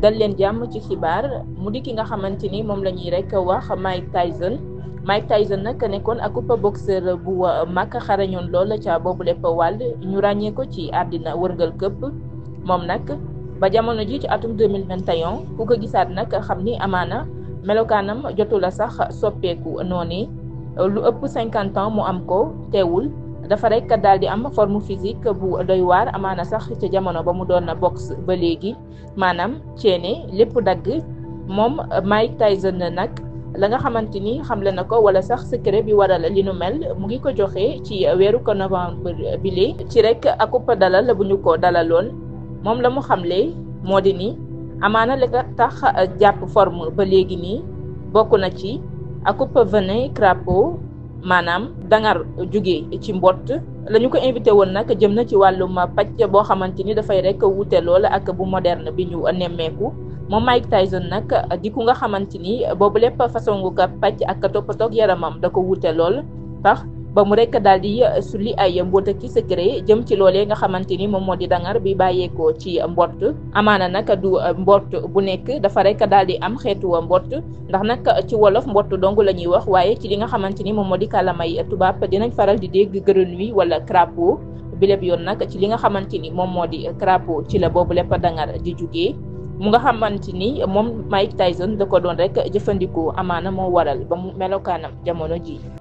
dal leen jàmm ci xibaar mu di ki nga xamante ni moom la ñuy rek wax Mike Tyson Mike Tyson nag nekkoon ak ëpp boxeur bu uh, mag xarañoon lool ca boobu lépp wàll ñu ràññee ko ci àddina wërngal këpp moom nag ba jamono ji ci atum 2021 ku ko gisaat nag xam ni amaana melokaanam jotu la sax soppeeku noonu lu ëpp 50 ans mu am ko teewul. dafa rek daal di am forme physique bu doy waar amaana sax ca jamono ba mu doon box ba léegi maanaam ceene lépp dagg moom Mike Tyson nag la nga xamante ni xamle na ko wala sax secret bi waral li nu mel mu ngi ko joxe ci weeru ko novembre bi lii ci rek akub dalal bu ñu ko dalaloon moom la mu xamle moo di ni amaana li tax jàpp forme ba léegi nii bokk na ci akub venin crapaud maanaam dangar jóge ci mbott la ñu ko invité woon nag jëm na ci wàllum pàcc boo xamante ni dafay rek wuute lool ak bu moderne bi ñu nemmeeku moo Mike Tyson nag di ku nga xamante ni boobu lépp façon gu ko pàcc ak toppatoog yaramam da ko wuute lool tax ba mu rek daal di eh, sulli ay mboota ki secret jëm ci loolee nga xamante ni moom moo di dangar bi bàyyeekoo ci mbott amaana nag du eh, mbott bu nekk dafa rek daal di am xeetu mbott ndax nag ci wolof mbott dong la ñuy wax waaye ci li nga xamante ni moom moo di kàlamay tubaab dinañ faral di dégg grenouille wala crapaud bileb yoon nag ci li nga xamante ni moom moo di crapaud ci la boobu lépp dangar di jugee mu nga xamante ni moom Mike Tyson da ko doon rek jëfandikoo amaana moo waral ba mu melokaanam jamono jii